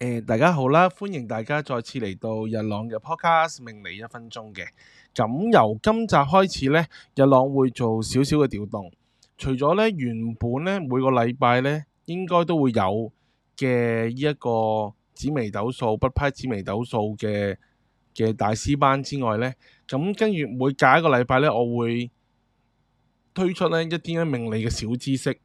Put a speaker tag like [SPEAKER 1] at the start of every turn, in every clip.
[SPEAKER 1] 呃、大家好啦，歡迎大家再次嚟到日朗嘅 Podcast 命理一分鐘嘅。咁由今集開始呢，日朗會做少少嘅調動。除咗呢原本呢每個禮拜呢應該都會有嘅呢一個紫微斗數、北派紫微斗數嘅嘅大師班之外呢，咁跟住每隔一個禮拜呢，我會推出呢一啲呢命理嘅小知識。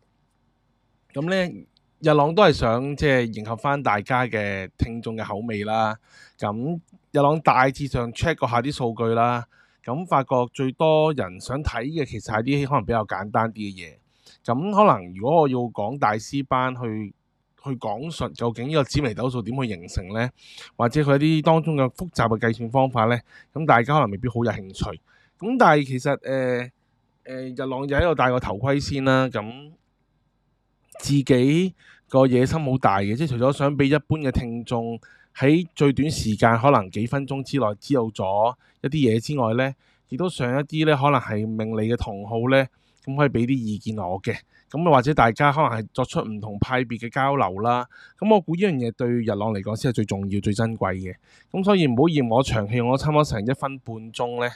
[SPEAKER 1] 咁呢。日朗都係想即係迎合翻大家嘅聽眾嘅口味啦。咁日朗大致上 check 過下啲數據啦，咁發覺最多人想睇嘅其實係啲可能比較簡單啲嘅嘢。咁可能如果我要講大師班去去講述究竟呢個紫微斗數點去形成呢？或者佢啲當中嘅複雜嘅計算方法呢？咁大家可能未必好有興趣。咁但係其實誒誒、呃呃、日朗就喺度戴個頭盔先啦，咁自己，個野心好大嘅，即係除咗想俾一般嘅聽眾喺最短時間，可能幾分鐘之內知道咗一啲嘢之外呢，亦都想一啲呢，可能係命理嘅同好呢，咁可以俾啲意見我嘅。咁或者大家可能係作出唔同派別嘅交流啦。咁我估呢樣嘢對日朗嚟講先係最重要、最珍貴嘅。咁所以唔好嫌我長氣，我差唔多成一分半鐘呢，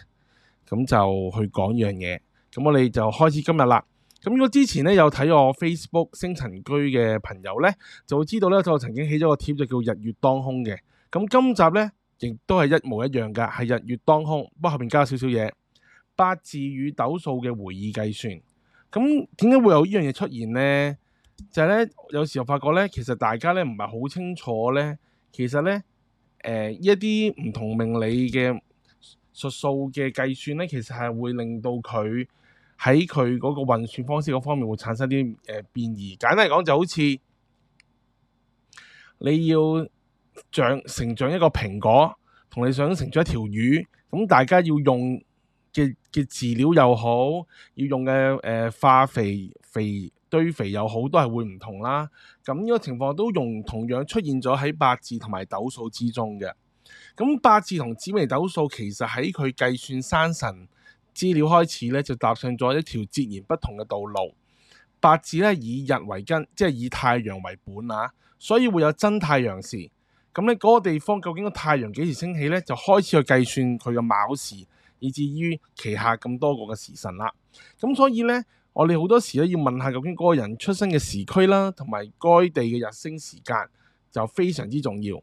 [SPEAKER 1] 咁就去講樣嘢。咁我哋就開始今日啦。咁如果之前咧有睇我 Facebook 星塵居嘅朋友咧，就會知道咧，就曾經起咗個貼就叫日月當空嘅。咁今集咧，亦都係一模一樣噶，係日月當空，不過後面加少少嘢，八字與斗數嘅迴異計算。咁點解會有呢樣嘢出現呢？就係咧，有時候發覺咧，其實大家咧唔係好清楚咧，其實咧，誒，一啲唔同命理嘅術數嘅計算咧，其實係會令到佢。喺佢嗰個運算方式嗰方面會產生啲誒變異。簡單嚟講，就好似你要長成長一個蘋果，同你想成長一條魚，咁大家要用嘅嘅飼料又好，要用嘅誒、呃、化肥肥堆肥又好，都係會唔同啦。咁呢個情況都用同樣出現咗喺八字同埋斗數之中嘅。咁八字同紫微斗數其實喺佢計算生辰資料開始咧，就踏上咗一條截然不同嘅道路。八字咧，以日為根，即係以太陽為本啊，所以會有真太陽時。咁咧，嗰個地方究竟個太陽幾時升起呢？就開始去計算佢嘅卯時，以至於其下咁多個嘅時辰啦。咁所以呢，我哋好多時咧，要問下究竟嗰個人出生嘅時區啦，同埋該地嘅日升時間就非常之重要。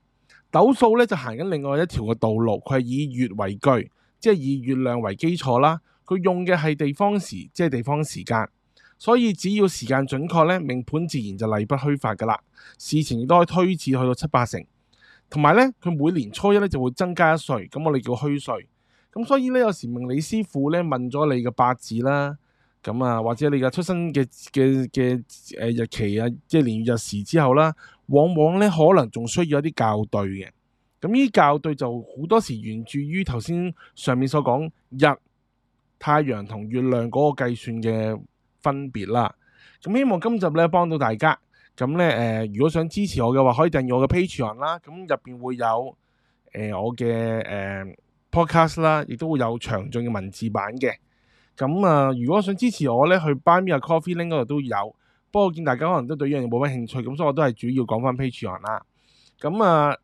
[SPEAKER 1] 斗數咧，就行緊另外一條嘅道路，佢係以月為據。即係以月亮為基礎啦，佢用嘅係地方時，即係地方時間，所以只要時間準確呢，命盤自然就例不虛發噶啦，事情亦都可以推至去到七八成。同埋呢，佢每年初一呢就會增加一歲，咁我哋叫虛歲，咁所以呢，有時命理師傅呢問咗你嘅八字啦，咁啊或者你嘅出生嘅嘅嘅誒日期啊，即係年月日時之後啦，往往呢可能仲需要一啲校對嘅。咁呢，教對就好多時源自於頭先上面所講日太陽同月亮嗰個計算嘅分別啦。咁希望今集咧幫到大家。咁咧誒，如果想支持我嘅話，可以訂閱我嘅 Patreon 啦。咁入邊會有誒我嘅誒 podcast 啦，亦都會有詳盡嘅文字版嘅。咁啊，如果想支持我咧，去 Buy Me a Coffee link 度都有。不過見大家可能都對呢樣嘢冇乜興趣，咁所以我都係主要講翻 Patreon 啦。咁啊～